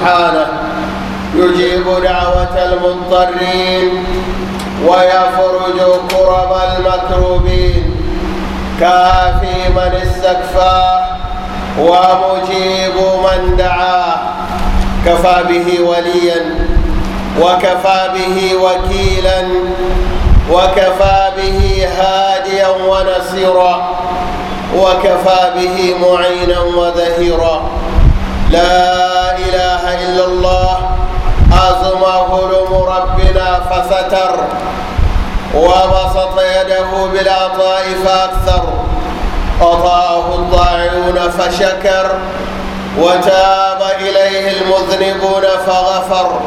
سبحانه يجيب دعوة المضطرين ويفرج كرب المكروبين كافي من استكفى ومجيب من دعا كفى به وليا وكفى به وكيلا وكفى به هاديا ونصيرا وكفى به معينا وذهيرا لا أكثر وبسط يده بالعطاء فأكثر أطاعه الضاعون فشكر وتاب إليه المذنبون فغفر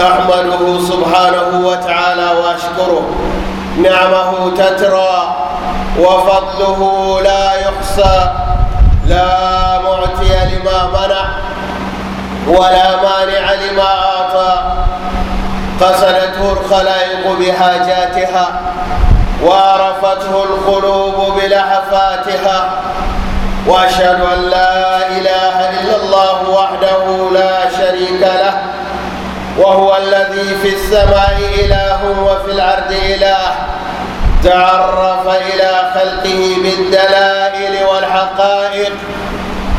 أحمده سبحانه وتعالى وأشكره نعمه تترى وفضله لا يحصى لا معتي لما منع ولا مانع لما قصدته الخلائق بحاجاتها وعرفته القلوب بلهفاتها واشهد ان لا اله الا الله وحده لا شريك له وهو الذي في السماء اله وفي الارض اله تعرف الى خلقه بالدلائل والحقائق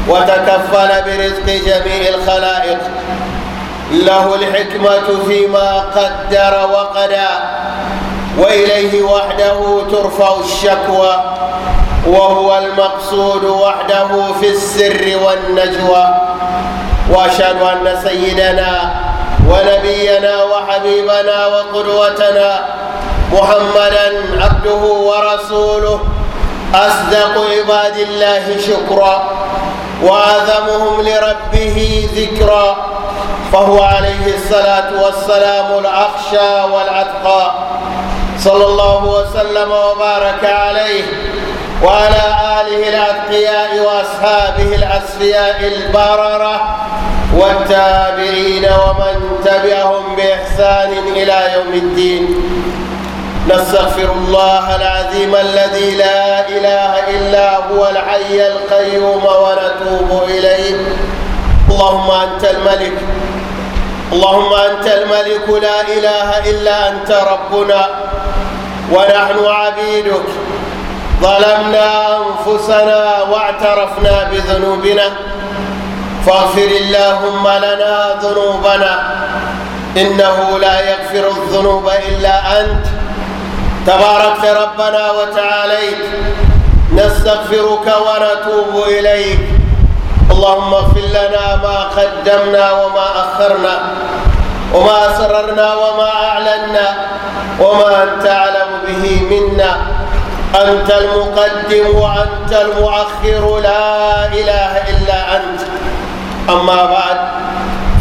وتكفل برزق جميع الخلائق له الحكمة فيما قدر وقدى وإليه وحده ترفع الشكوى وهو المقصود وحده في السر والنجوى وأشهد أن سيدنا ونبينا وحبيبنا وقدوتنا محمدا عبده ورسوله أصدق عباد الله شكرا وأعظمهم لربه ذكرا فهو عليه الصلاة والسلام الأخشى والأتقى صلى الله وسلم وبارك عليه وعلى آله الأتقياء وأصحابه الأسفياء البررة والتابعين ومن تبعهم بإحسان إلى يوم الدين نستغفر الله العظيم الذي لا إله إلا هو الحي القيوم ونتوب إليه اللهم أنت الملك اللهم أنت الملك لا إله إلا أنت ربنا ونحن عبيدك ظلمنا أنفسنا واعترفنا بذنوبنا فاغفر اللهم لنا ذنوبنا إنه لا يغفر الذنوب إلا أنت تباركت ربنا وتعاليت نستغفرك ونتوب إليك اللهم اغفر لنا ما قدمنا وما أخرنا وما أسررنا وما أعلنا وما أنت أعلم به منا أنت المقدم وأنت المؤخر لا إله إلا أنت أما بعد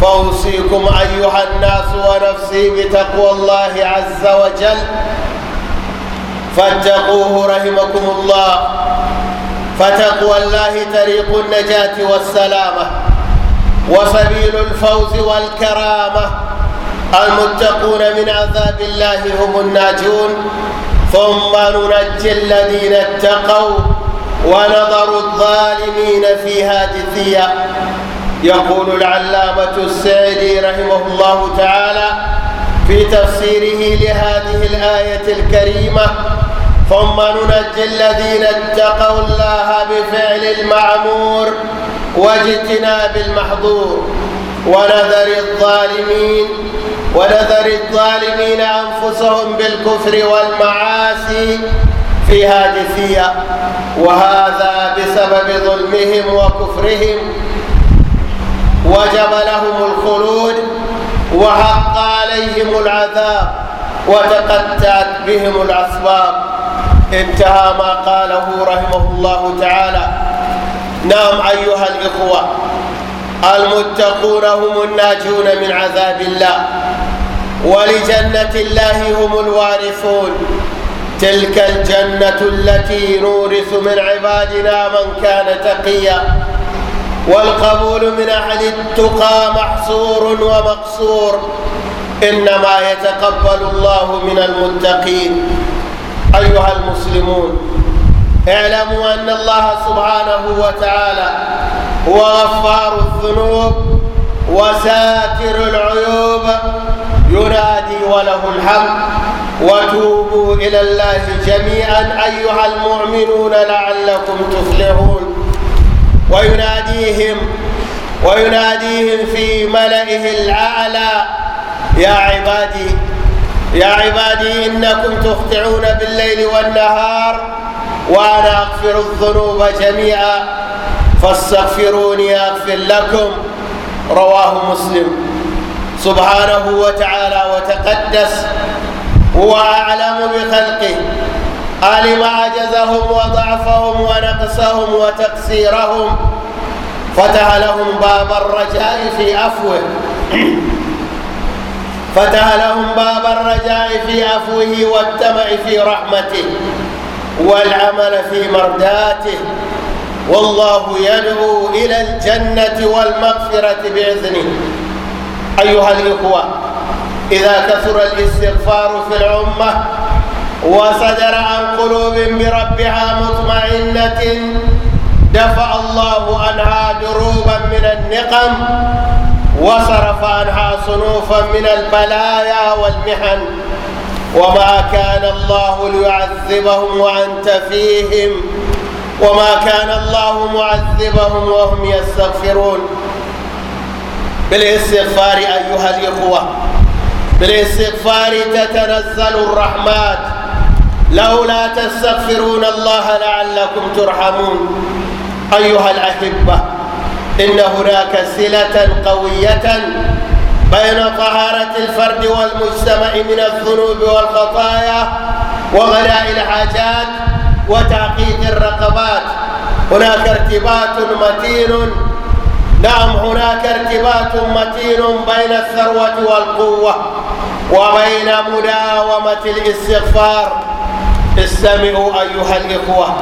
فأوصيكم أيها الناس ونفسي بتقوى الله عز وجل فاتقوه رحمكم الله فتقوى الله طريق النجاة والسلامة وسبيل الفوز والكرامة المتقون من عذاب الله هم الناجون ثم ننجي الذين اتقوا ونظر الظالمين فيها جثيا يقول العلامة السعدي رحمه الله تعالى في تفسيره لهذه الآية الكريمة ثم ننجي الذين اتقوا الله بفعل المعمور واجتناب المحظور ونذر الظالمين ونذر الظالمين أنفسهم بالكفر والمعاصي في هادثية وهذا بسبب ظلمهم وكفرهم وجب لهم الخلود وحق عليهم العذاب وتقطعت بهم الأسباب انتهى ما قاله رحمه الله تعالى نعم أيها الإخوة المتقون هم الناجون من عذاب الله ولجنة الله هم الوارثون تلك الجنة التي نورث من عبادنا من كان تقيا والقبول من أهل التقى محصور ومقصور إنما يتقبل الله من المتقين أيها المسلمون اعلموا أن الله سبحانه وتعالى هو غفار الذنوب وساتر العيوب ينادي وله الحمد وتوبوا إلى الله جميعا أيها المؤمنون لعلكم تفلحون ويناديهم ويناديهم في ملئه الأعلى يا عبادي يا عبادي إنكم تخطعون بالليل والنهار وأنا أغفر الذنوب جميعا فاستغفروني أغفر لكم رواه مسلم سبحانه وتعالى وتقدس هو أعلم بخلقه علم عجزهم وضعفهم ونقصهم وتقصيرهم فتح لهم باب الرجاء في عفوه فتح لهم باب الرجاء في عفوه والتمع في رحمته والعمل في مرداته والله يدعو إلى الجنة والمغفرة بإذنه أيها الإخوة إذا كثر الاستغفار في العمة وصدر عن قلوب بربها مطمئنة دفع الله عنها دروبا من النقم وصرف عنها صنوفا من البلايا والمحن وما كان الله ليعذبهم وأنت فيهم وما كان الله معذبهم وهم يستغفرون بالاستغفار أيها الإخوة بالاستغفار تتنزل الرحمات لولا تستغفرون الله لعلكم ترحمون أيها الأحبة إن هناك صلة قوية بين طهارة الفرد والمجتمع من الذنوب والخطايا وغلاء الحاجات وتعقيد الرقبات هناك ارتباط متين نعم هناك ارتباط متين بين الثروة والقوة وبين مداومة الاستغفار استمعوا أيها الإخوة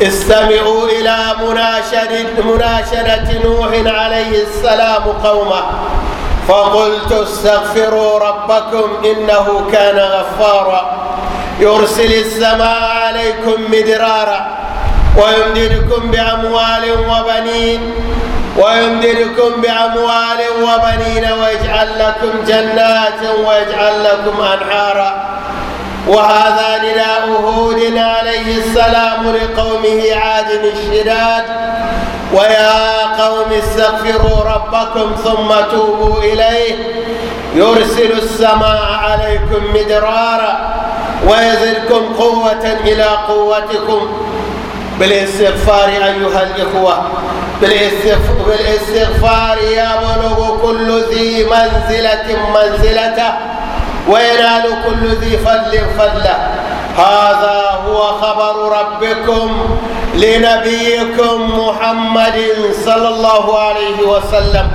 استمعوا إلى مناشدة, مناشدة نوح عليه السلام قومه فقلت استغفروا ربكم إنه كان غفارا يرسل السماء عليكم مدرارا ويمددكم بأموال وبنين ويمددكم بأموال وبنين ويجعل لكم جنات ويجعل لكم أنهارا وهذا نداء هود عليه السلام لقومه عاد الشداد ويا قوم استغفروا ربكم ثم توبوا إليه يرسل السماء عليكم مدرارا ويزدكم قوة إلى قوتكم بالاستغفار أيها الإخوة بالاستغفار يبلغ كل ذي منزلة منزلته وينال كل ذي فضل فضله هذا هو خبر ربكم لنبيكم محمد صلى الله عليه وسلم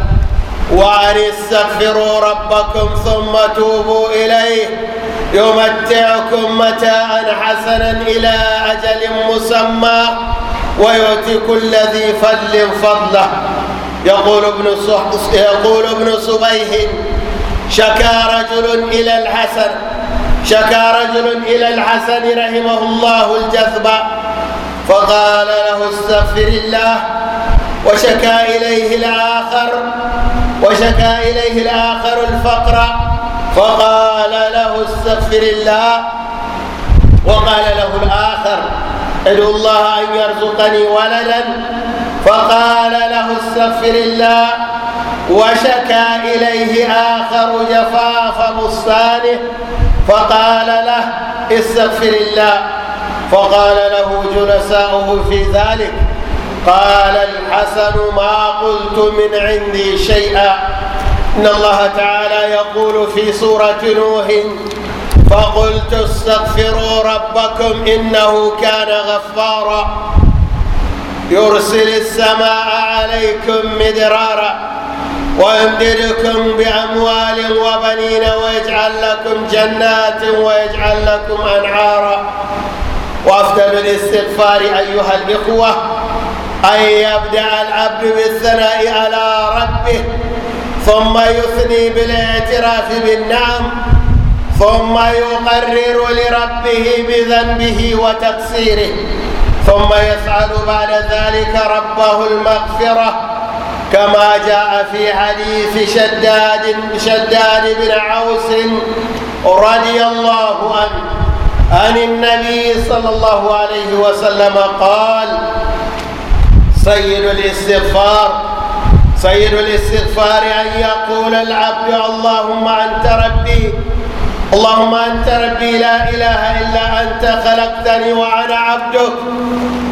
وأن استغفروا ربكم ثم توبوا إليه يمتعكم متاعا حسنا إلى أجل مسمى ويؤتي كل ذي فضل فضله يقول ابن يقول ابن صبيح شكا رجل إلى الحسن شكا رجل إلى الحسن رحمه الله الجذب فقال له استغفر الله وشكا إليه الآخر وشكا إليه الآخر الفقر فقال له استغفر الله وقال له الآخر ادعو الله أن يرزقني ولدا فقال له استغفر الله وشكى إليه آخر جفاف بستانه فقال له استغفر الله فقال له جلساؤه في ذلك قال الحسن ما قلت من عندي شيئا إن الله تعالى يقول في سورة نوح فقلت استغفروا ربكم إنه كان غفارا يرسل السماء عليكم مدرارا وامددكم بأموال وبنين ويجعل لكم جنات ويجعل لكم أنعارا وأفضل الاستغفار أيها الإخوة أن يبدأ العبد بالثناء على ربه ثم يثني بالاعتراف بالنعم ثم يقرر لربه بذنبه وتقصيره ثم يسأل بعد ذلك ربه المغفرة كما جاء في حديث شداد شداد بن عوس رضي الله عنه عن النبي صلى الله عليه وسلم قال سيد الاستغفار سيد الاستغفار أن يقول العبد اللهم أنت ربي اللهم أنت ربي لا إله إلا أنت خلقتني وأنا عبدك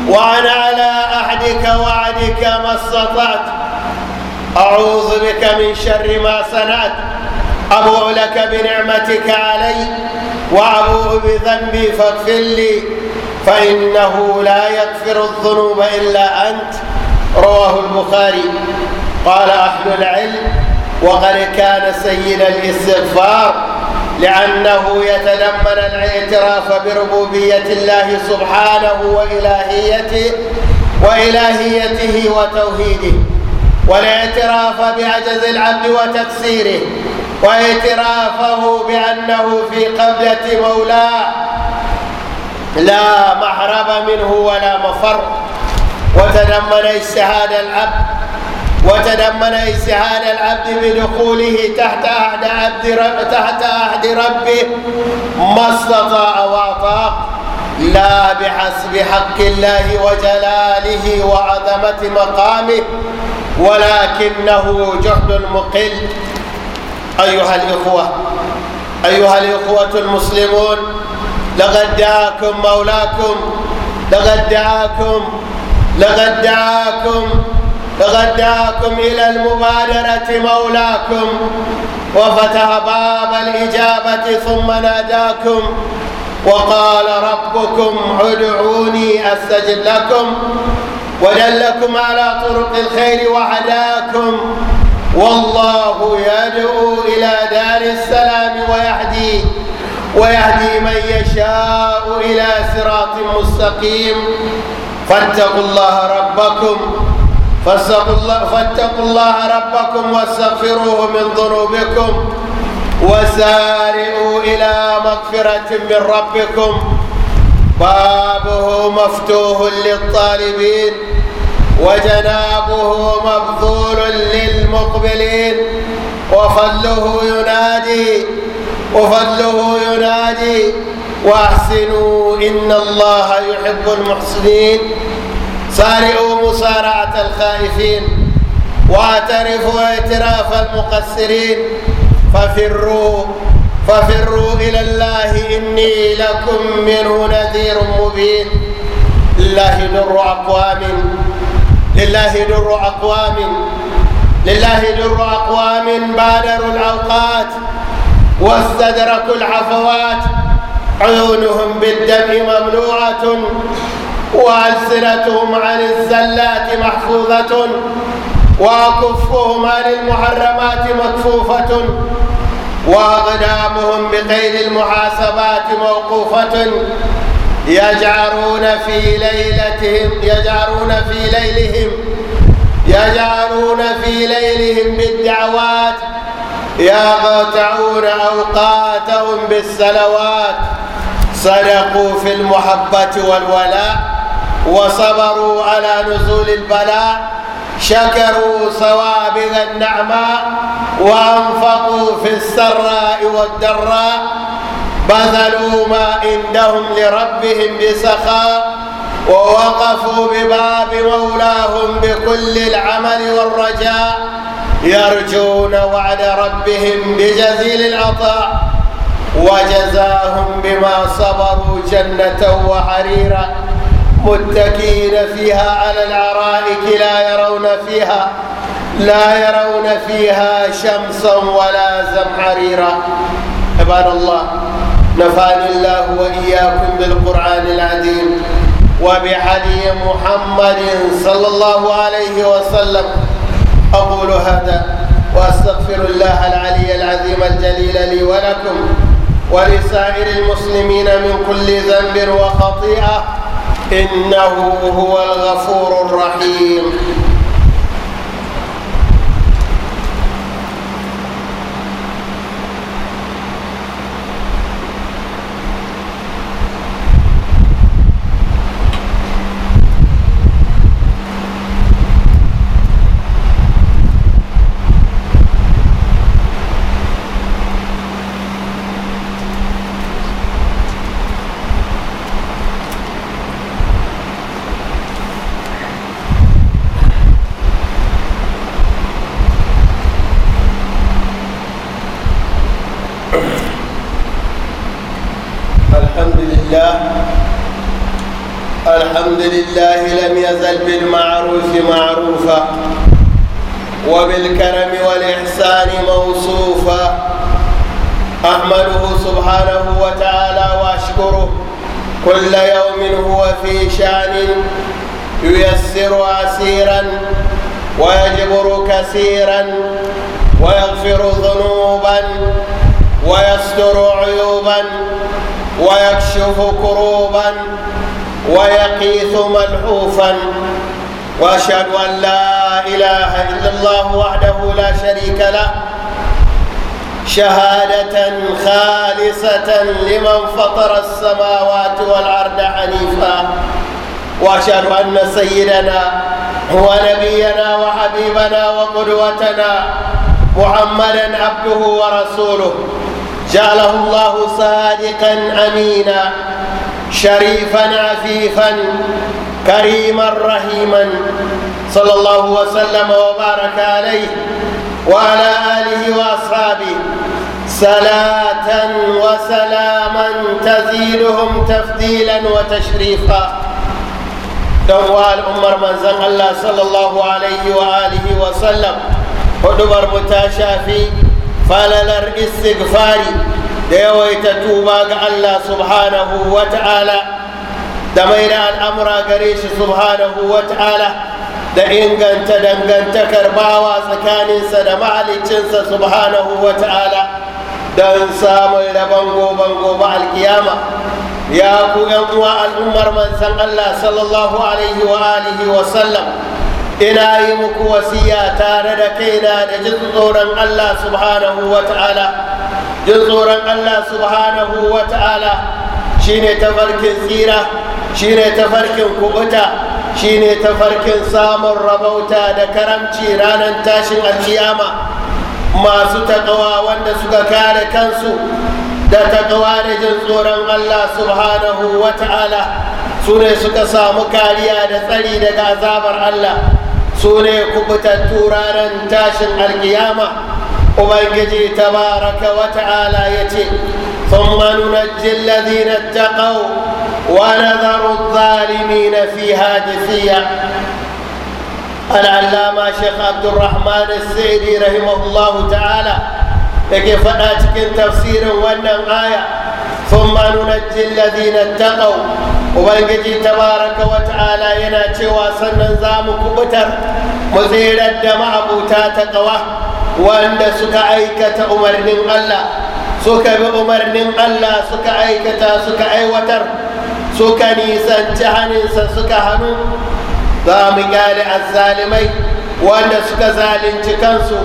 وأنا على عهدك وعدك ما استطعت أعوذ بك من شر ما صنعت أبوء لك بنعمتك علي وأبوء بذنبي فاغفر لي فإنه لا يغفر الذنوب إلا أنت رواه البخاري قال أهل العلم وقد كان سيد الاستغفار لأنه يتلمن الاعتراف بربوبية الله سبحانه وإلهيته وإلهيته وتوحيده والاعتراف بعجز العبد وتقصيره واعترافه بأنه في قبلة مولاه لا محرب منه ولا مفر وتدمن اجتهاد العبد وتدمن اجتهاد العبد بدخوله تحت عهد عبد رب تحت عهد ربه ما استطاع واطاق لا بحسب حق الله وجلاله وعظمة مقامه ولكنه جهد مقل أيها الإخوة أيها الإخوة المسلمون لقد دعاكم مولاكم لقد دعاكم لقد دعاكم لقد دعاكم إلى المبادرة مولاكم وفتح باب الإجابة ثم ناداكم وقال ربكم ادعوني استجب لكم ودلكم على طرق الخير وعداكم والله يدعو إلى دار السلام ويهدي ويهدي من يشاء إلى صراط مستقيم فاتقوا الله ربكم فاتقوا الله, فاتقوا الله ربكم واستغفروه من ذنوبكم وسارعوا إلى مغفرة من ربكم بابه مفتوح للطالبين وجنابه مبذول للمقبلين وفضله ينادي وفضله ينادي وأحسنوا إن الله يحب المحسنين سارعوا مصارعة الخائفين واعترفوا اعتراف المقصرين ففروا ففروا إلى الله إني لكم منه نذير مبين لله در أقوام لله در أقوام لله در أقوام بادروا الأوقات واستدركوا العفوات عيونهم بالدم مملوعة وألسنتهم عن الزلات محفوظة وكفهم عن المحرمات مكفوفة وأقدامهم بقيد المحاسبات موقوفة يجعرون في ليلتهم يجعرون في ليلهم يجعرون في ليلهم بالدعوات يقطعون أوقاتهم بالسلوات صدقوا في المحبة والولاء وصبروا على نزول البلاء شكروا ثوابت النعماء وأنفقوا في السراء والدراء بذلوا ما عندهم لربهم بسخاء ووقفوا بباب مولاهم بكل العمل والرجاء يرجون وعد ربهم بجزيل العطاء وجزاهم بما صبروا جنة وحريرا متكئين فيها على العرائك لا يرون فيها لا يرون فيها شمسا ولا زمحريرا عباد الله نفعني الله واياكم بالقران العظيم وبحدي محمد صلى الله عليه وسلم اقول هذا واستغفر الله العلي العظيم الجليل لي ولكم ولسائر المسلمين من كل ذنب وخطيئه إنه هو الغفور الرحيم الله الحمد لله لم يزل بالمعروف معروفا وبالكرم والإحسان موصوفا أحمده سبحانه وتعالى وأشكره كل يوم هو في شان ييسر عسيرا ويجبر كثيرا ويغفر ذنوبا ويستر عيوبا ويكشف كروبا ويقيث ملحوفا واشهد ان لا اله الا الله وحده لا شريك له شهاده خالصه لمن فطر السماوات والارض حنيفا واشهد ان سيدنا ونبينا وحبيبنا وقدوتنا محمدا عبده ورسوله جعله الله صادقا امينا شريفا عفيفا كريما رحيما صلى الله وسلم وبارك عليه وعلى اله واصحابه صلاه وسلاما تزيدهم تفضيلا وتشريفا دوال عمر من زن الله صلى الله عليه واله وسلم ودبر متاشافي falalar istighfari da yawaita tuba ga Allah subhanahu wa ta'ala da mai da al'amura gare shi subhanahu wa ta'ala da inganta dangantakar bawa tsakaninsa da mahalicinsa subhanahu wa ta'ala don samun rabon goben gobe alkiyama ya ku yan uwa al'ummar manzan Allah sallallahu alaihi wa alihi wa sallam ina yi muku wasiya tare da kaina da jin tsoron Allah subhanahu wa ta'ala jin tsoron Allah subhanahu wa ta'ala shine tafarkin tsira shine tafarkin kubuta shine tafarkin samun rabauta da karamci ranar tashin alkiyama masu takawa wanda suka kare kansu da takawa da jin tsoron Allah subhanahu wa ta'ala su ne suka samu kariya da tsari daga azabar Allah su ne kubutattu ranar tashin alkiyama ubangiji tabaraka wa ta'ala ya ce ثم ننجي الذين اتقوا ونذر الظالمين فيها جثيا العلامة شيخ عبد الرحمن السعدي رحمه الله تعالى لكن فناتك تفسير ونن آية ثم ننجي الذين اتقوا وبنجي تبارك وتعالى يناتي واسن نظام كبتر مزيد الدم عبوتا تقوى واند سكا ايكة عمر من الله سكا بعمر من الله سكا ايكة سكا اي وتر سكا نيسا جهن انسا سكا هنو ظام قال الظالمين واند سكا ظالم تكنسو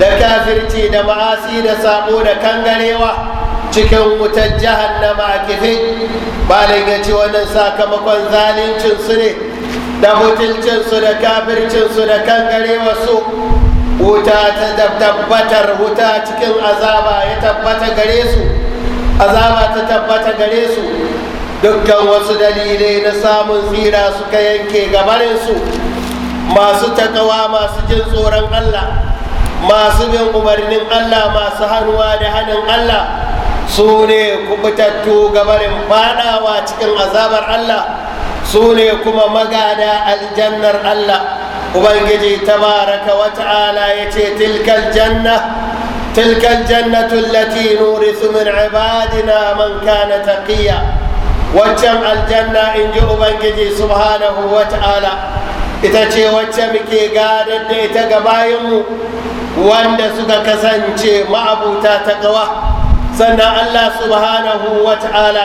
دكافر تيد معاسي دسابو دكنغليوه cikin wutar jahannama a kife balin ya ci wannan sakamakon zalincinsu ne da mutuncinsu da kafircinsu da wasu wuta ta tabbatar wuta cikin azaba ya tabbata gare su azaba ta tabbata gare su dukkan wasu dalilai na samun tsira suka yanke gabarinsu masu takawa masu jin tsoron allah masu bin umarnin allah masu hannuwa da hannun allah su ne kubutattu gabarin fadawa cikin azabar Allah su ne kuma magada aljannar Allah ubangiji tabaraka wa ta'ala ya ce tilkal janna tilkal jannatu allati nurithu min ibadina man kana taqiya waccan aljanna in ji ubangiji subhanahu wa ta'ala ita ce wacce muke gadar da ita ga bayanmu wanda suka kasance ma'abuta ta gawa sannan allah subhanahu wa ta'ala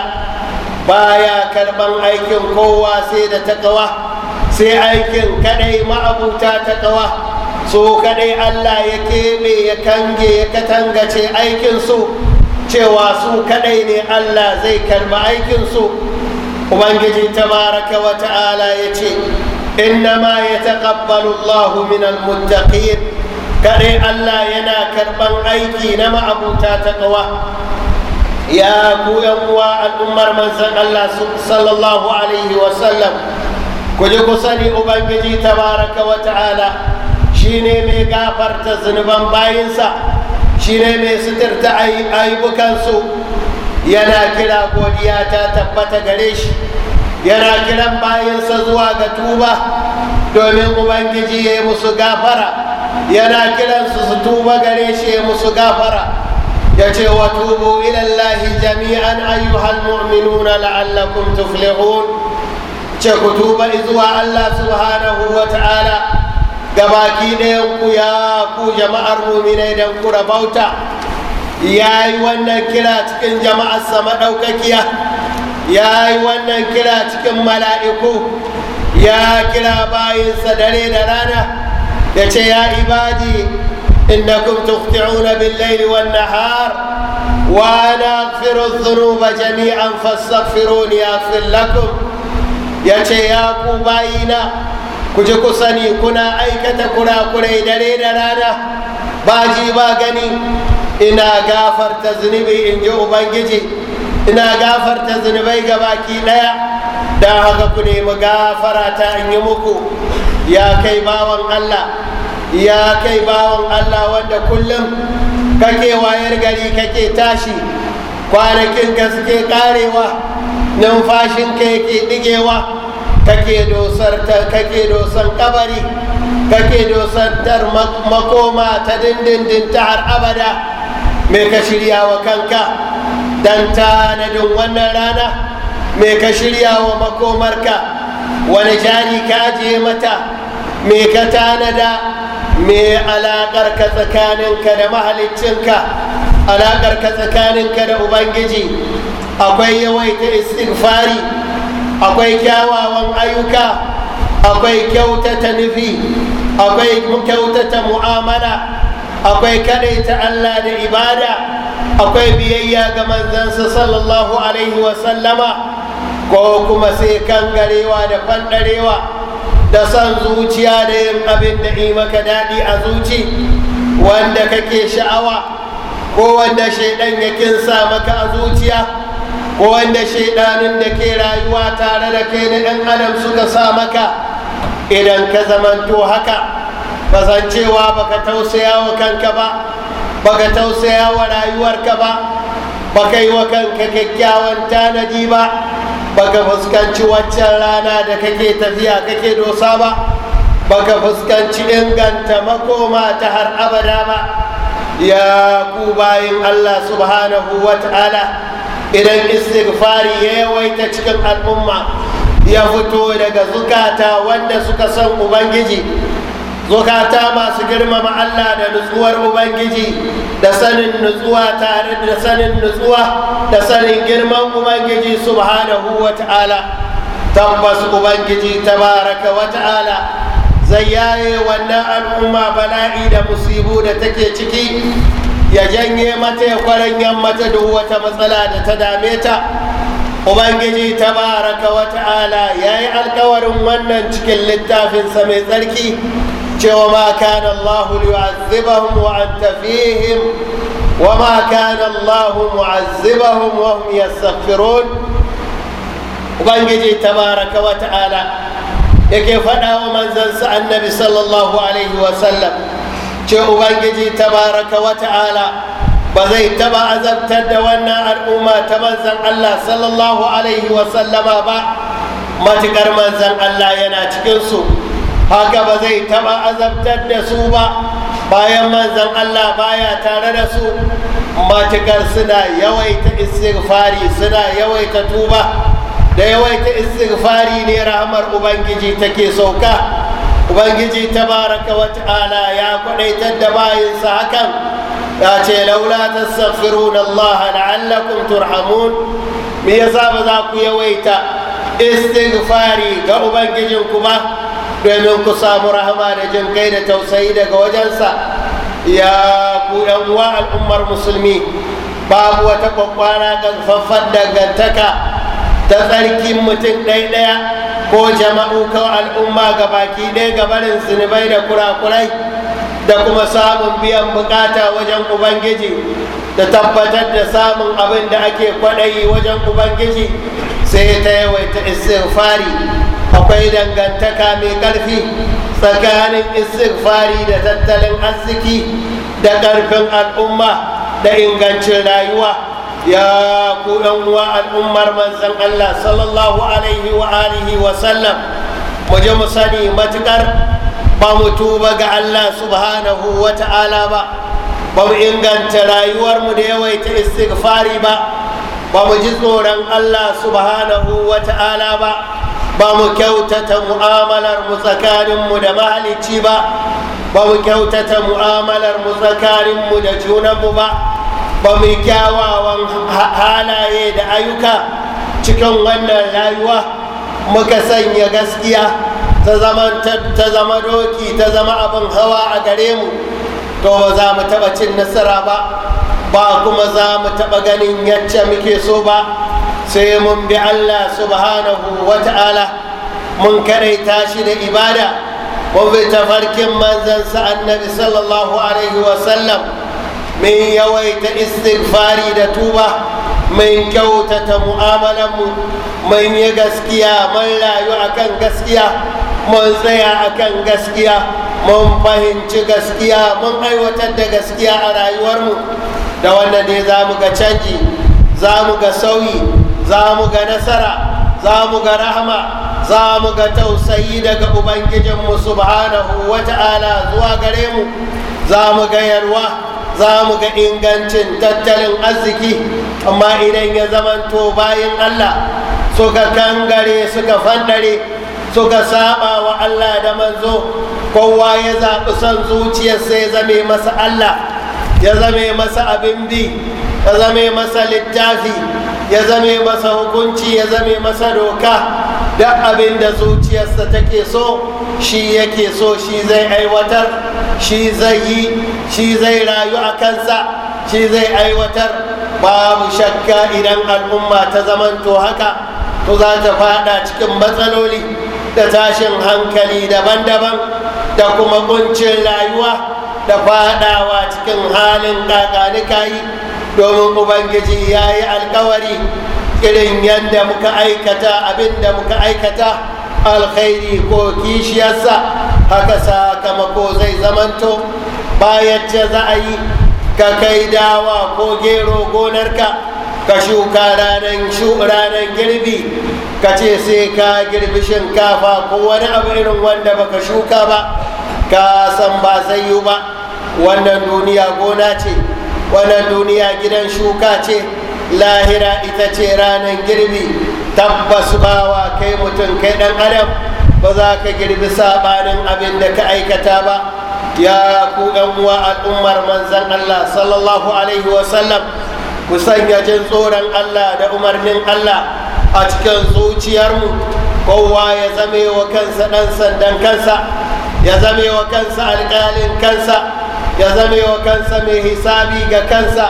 baya karban aikin kowa sai da takawa sai aikin kadai ma'abuta takawa so kadai allah ya keɓe ya kange ya katangace aikinsu cewa su kadai ne allah zai karba aikinsu ubangiji tabaraka wa ta'ala ya ce innama ya taƙabbalu allahu minal muttaqin kare Allah yana karban aiki na ma'abuta ta kawa ya ku yan uwa al'ummar manzan Allah sallallahu alaihi wa sallam ku ji ku sani ubangiji tabaraka wa ta'ala shine mai gafarta zunuban bayinsa shine mai suturta aibukansu yana kira godiya ta tabbata gare shi yana kiran bayansa zuwa ga tuba domin ubangiji ya yi musu gafara yana kiransu su tuba gare shi musu gafara ya ce wa tubu ilallahi jami'an ayyuhal mu'minuna la'allakum tuflihun ce ku tuba zuwa Allah subhanahu wa ta'ala gabaki ɗayan ku ya ku jama'ar muminai dan ku rabauta ya yi wannan kira cikin jama'arsa maɗaukakiya ya yi wannan kira cikin mala'iku ya kira bayinsa dare da rana يتي يا عبادي إنكم تخطئون بالليل والنهار وأنا أغفر الذنوب جميعا فاستغفروني أغفر لكم يتي يا قبائنا كجكو سني كنا أيكة كنا كنا دليل لنا باجي باغني إنا غافر تزنبي إن جو بانجي ina gafarta zunubai ga baki ɗaya don haka ku nemi gafara ta in yi muku ya kai bawan allah ya kai bawan allah wanda kullum kake wayar gari kake tashi kwanakin ka suke karewa numfashin ka yake digewa kake dosar kake dosan kabari kake dosantar makoma ta dindindin ta har abada me ka shirya wa kanka don tanadin wannan rana me ka shirya wa makomarka wani jari ka je mata me ka tanada mai alaƙarka tsakaninka da mahaliccinka alaƙarka tsakaninka da ubangiji akwai yawaita istighfari akwai kyawawan ayyuka akwai kyautata nufi akwai kyautata mu'amala akwai kadaita allah da ibada akwai biyayya ga manzansa sallallahu alaihi wasallama ko kuma sai kangarewa da fandarewa da son zuciya da yin abin da yi maka daɗi a zuci wanda kake sha'awa ko wanda shaidan ya kinsa maka a zuciya ko wanda shaidanin da ke rayuwa tare da kai na ɗan adam suka sa maka idan ka zamanto haka kasancewa baka tausaya wa kanka ba baka tausaya wa rayuwarka ba baka yi wa kanka kyakkyawan tanadi ba baka fuskanci waccan rana da kake tafiya kake dosa ba baka fuskanci inganta makoma ta har abada ba ya ku bayin allah subhanahu wa ta'ala idan istighfari ya yawaita cikin al'umma ya fito daga zukata wanda suka san ubangiji zukata masu girmama Allah da nutsuwar Ubangiji da sanin nutsuwa tare da sanin nutsuwa da sanin girman Ubangiji subhanahu wa ta'ala tabbas Ubangiji tabaraka wa ta'ala zai yaye wannan al'umma bala'i da musibu da take ciki ya janye mata ya kwaranyan mata duk wata matsala da ta dame ta ubangiji tabaraka wa ta'ala ya yi alkawarin wannan cikin littafinsa mai tsarki وما كان الله ليعذبهم وأنت فيهم وما كان الله معذبهم وهم يستغفرون وبنجي تبارك وتعالى يكيف ومن زنس النبي صلى الله عليه وسلم وبنجي تبارك وتعالى بزي تبا عذب تدونا الأمة تمنزل الله صلى الله عليه وسلم ما تكر منزل الله يناتك انسوه haka ba zai taba azabtar da su ba bayan manzan Allah baya tare da su matukar suna yawaita istighfari suna yawaita tuba da yawaita istighfari ne rahmar ubangiji take sauka ubangiji tabaraka wa ta'ala ya kwadaitar da bayinsa hakan ya ce laula tastaghfiruna Allah la'allakum turhamun me yasa ba za ku yawaita istighfari ga ubangijinku ba domin ku samu rahama da jin kai da tausayi daga wajensa ya ku uwa al'ummar musulmi babu wata kwakwara ƙarfafar dangantaka ta tsarkin mutum ɗaya ko jama'u ko al'umma ga baki ɗaya gabarin zunubai da kurakurai da kuma samun biyan bukata wajen ubangiji da tabbatar da samun abin da ake kwaɗayi wajen ubangiji sai ta yawaita istighfari akwai dangantaka mai ƙarfi tsakanin istighfari da tattalin arziki da ƙarfin al'umma da ingancin rayuwa ya ku uwa al'ummar manzan Allah sallallahu alaihi wa alihi wa sallam mu je mu sani matuƙar ba mu tuba ga Allah subhanahu wa ta'ala ba ba mu inganta rayuwarmu da yawaita istighfari ba ba mu ji tsoron Allah subhanahu wa ta'ala ba ba mu kyautata mu'amalar mu tsakaninmu da mahalicci ba ba mu kyautata mu'amalar mu tsakaninmu da junanmu ba ba mu kyawawan halaye da ayyuka cikin wannan rayuwa muka sanya gaskiya ta zama doki ta zama abin hawa a gare mu to ba za mu taɓa cin nasara ba ba kuma za mu taɓa ganin yacce muke so ba sai mun bi allah subhanahu wa ta'ala mun karaita shi da ibada mun bi tafarkin manzansa annabi sallallahu alaihi wasallam min yawaita istighfari da tuba mun kyautata mu'amalanmu mun yi gaskiya mun rayu akan gaskiya mun tsaya akan gaskiya mun fahimci gaskiya mun aiwatar da gaskiya a rayuwarmu da wannan ne za mu ga canji za mu ga sauyi za mu ga nasara za mu ga rahama za mu ga tausayi daga ubangijinmu subhanahu wa ta'ala zuwa gare mu za mu ga yarwa za mu ga ingancin tattalin arziki amma idan ya zamanto bayan allah suka kangare suka fandare suka saba wa allah da manzo kowa ya zaɓi son zuciyarsa ya zame masa allah ya zame masa abin bi ya zame masa littafi ya zame masa hukunci ya zame masa doka duk abin da zuciyarsa take so shi yake so shi zai aiwatar shi zai yi shi zai rayu a kansa shi zai aiwatar babu shakka idan al'umma ta zamanto haka to za ta fada cikin matsaloli da tashin hankali daban-daban da kuma kuncin rayuwa da fadawa cikin halin kakanikayi domin ubangiji ya yi alkawari irin yadda muka aikata abin da muka aikata alkhairi ko kishiyarsa haka sakamako zai zamanto bayan ce za a yi ka kai dawa ko gero gonarka ka shuka ranar girbi ka ce sai ka girbi shinkafa ko wani abu irin wanda baka shuka ba ka san ba zai yi ba wannan duniya gona ce wannan duniya gidan shuka ce lahira ita ce ranar girbi tabbas bawa kai mutum kai dan adam ba za ka girbi sabanin abin da ka aikata ba ya ku yan uwa al'ummar manzan Allah sallallahu alaihi wasallam ku sanya jin tsoron Allah da umarnin Allah a cikin zuciyarmu kowa ya zame wa kansa dan sandan kansa ya zame wa kansa alƙalin kansa ya zame wa kansa mai hisabi ga kansa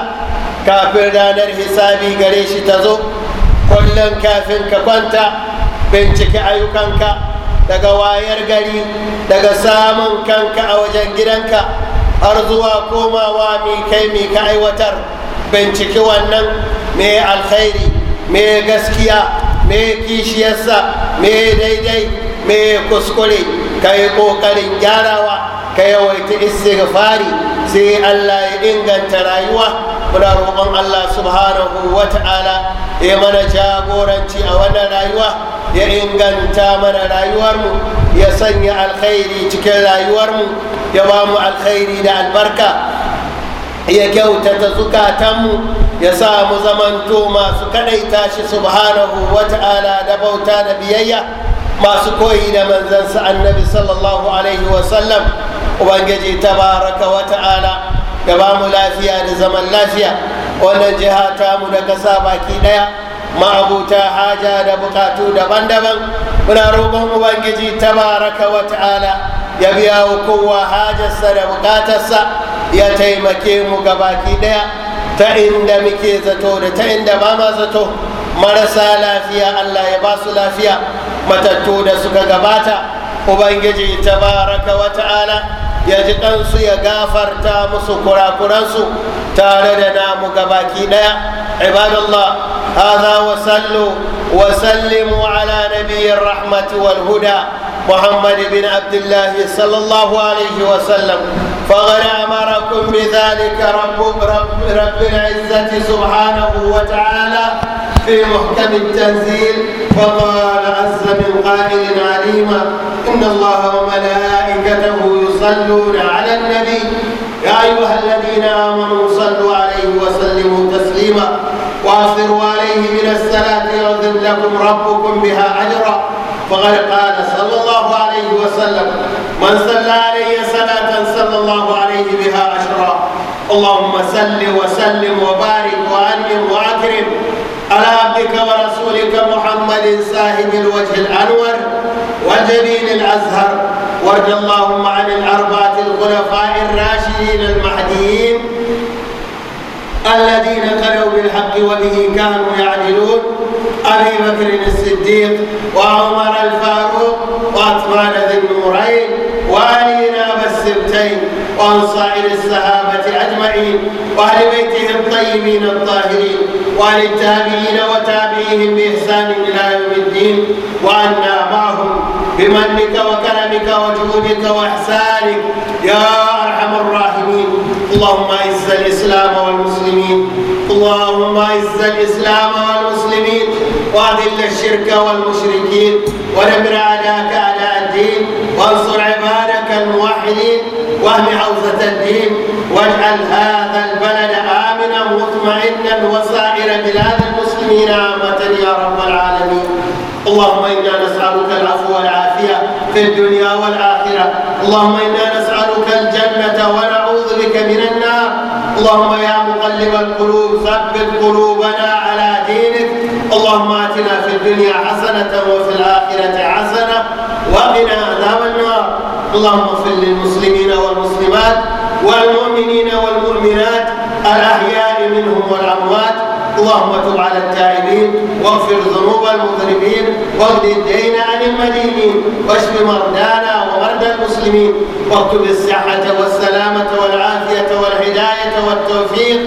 kafin ranar hisabi gare shi ta zo kullum kafin ka kwanta bincike ayyukanka daga wayar gari daga samun kanka a wajen gidanka har zuwa komawa mai kai mai ka aiwatar binciki wannan mai alkhairi mai gaskiya mai kishiyarsa mai daidai mai kuskure ka yi ƙoƙarin gyarawa ka yawaita istighfari sai Allah ya inganta rayuwa muna roƙon Allah subhanahu wata'ala ya mana jagoranci a wannan rayuwa ya inganta mana rayuwarmu ya sanya alkhairi cikin rayuwarmu ya ba mu alkhairi da albarka ya kyautata zukatanmu ya sa mu zamanto masu kadaita shi subhanahu wata'ala da bauta da biyayya masu koyi da manzansa annabi sallallahu alaihi wasallam ubangiji tabaraka wa ta'ala da ba mu lafiya da zaman lafiya wannan jiha ta mu da kasa baki daya ma'abuta haja da bukatu daban-daban muna roƙon ubangiji tabaraka wa ta'ala ya biya wa kowa hajarsa da bukatarsa ya taimake mu ga baki daya ta inda muke zato da ta inda ba ma zato marasa lafiya allah ya ba su lafiya matattu da suka gabata ubangiji tabaraka wa ta'ala ya ji ɗansu ya gafarta musu kurakuransu tare da namu gabaki daya ibadallah hadha wa sallu wa sallimu ala nabiyir rahmati wal huda محمد بن عبد الله صلى الله عليه وسلم فقد أمركم بذلك رب, رب, رب العزة سبحانه وتعالى في محكم التنزيل وقال عز من قائل عليما إن الله وملائكته يصلون على النبي يا أيها الذين آمنوا صلوا عليه وسلموا تسليما واصروا عليه من الصلاة يغفر لكم ربكم بها أجرا فقد قال صلى الله عليه وسلم من صلى علي صلاة صلى الله عليه بها اشرا اللهم سل وسلم وبارك وأنعم وأكرم على عبدك ورسولك محمد صاحب الوجه الأنور وجليل الأزهر وارض اللهم عن الأربعة الخلفاء الراشدين المهديين الذين قالوا بالحق وبه كانوا يعدلون أبي بكر الصديق وعمر الفاروق وعثمان ذي النورين وعلينا السبتين وأنصار الصحابة أجمعين وأهل بيتهم الطيبين الطاهرين وعلى التابعين وتابعيهم بإحسان إلى يوم الدين وعنا معهم بمنك وكرمك وجودك وإحسانك يا أرحم الراحمين اللهم اعز الإسلام والمسلمين اللهم اعز الإسلام والمسلمين وأذل الشرك والمشركين ودمر أعداءك أعداء الدين وانصر عبادك الموحدين واهم عوزة الدين واجعل هذا البلد آمنا مطمئنا وسائر بلاد المسلمين عامة يا رب العالمين اللهم إنا نسألك العفو والعافية في الدنيا والآخرة اللهم إنا نسألك الجنة ونعوذ بك من النار اللهم يا مقلب القلوب ثبت قلوبنا على دينك اللهم آتنا في الدنيا حسنة وفي الآخرة اللهم اغفر للمسلمين والمسلمات والمؤمنين والمؤمنات الأحياء منهم والأموات اللهم تب على التائبين واغفر ذنوب المذنبين واقض الدين عن المدينين واشف مرضانا ومرضى المسلمين واكتب الصحة والسلامة والعافية والهداية والتوفيق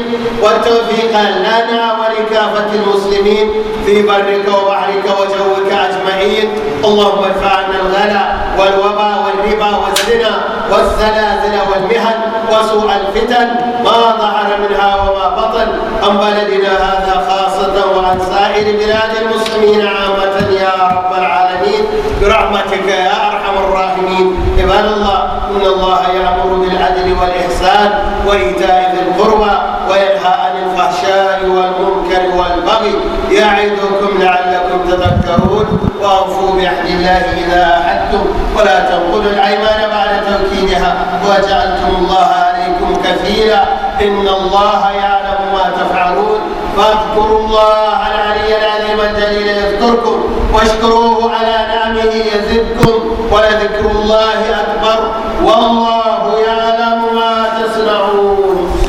والتوفيق لنا ولكافة المسلمين في برك وبحرك وجوك أجمعين اللهم ارفع عنا الغلا والوباء والربا والزنا والزلازل والمهن وسوء الفتن ما ظهر منها وما بطن عن بلدنا هذا خاصة وعن سائر بلاد المسلمين عامة يا رب العالمين برحمتك يا أرحم الراحمين عباد الله إن الله يأمر بالعدل والإحسان وإيتاء ذي القربى وينهى عن الفحشاء والمنكر والبغي يعظكم لعلكم تذكرون وأوفوا بعهد الله إذا عهدتم ولا تنقلوا الأيمان بعد توكيدها وجعلتم الله عليكم كثيرا إن الله يعلم ما تفعلون فاذكروا الله العلي العظيم الجليل يذكركم واشكروه على نعمه يزدكم ولذكر الله أكبر والله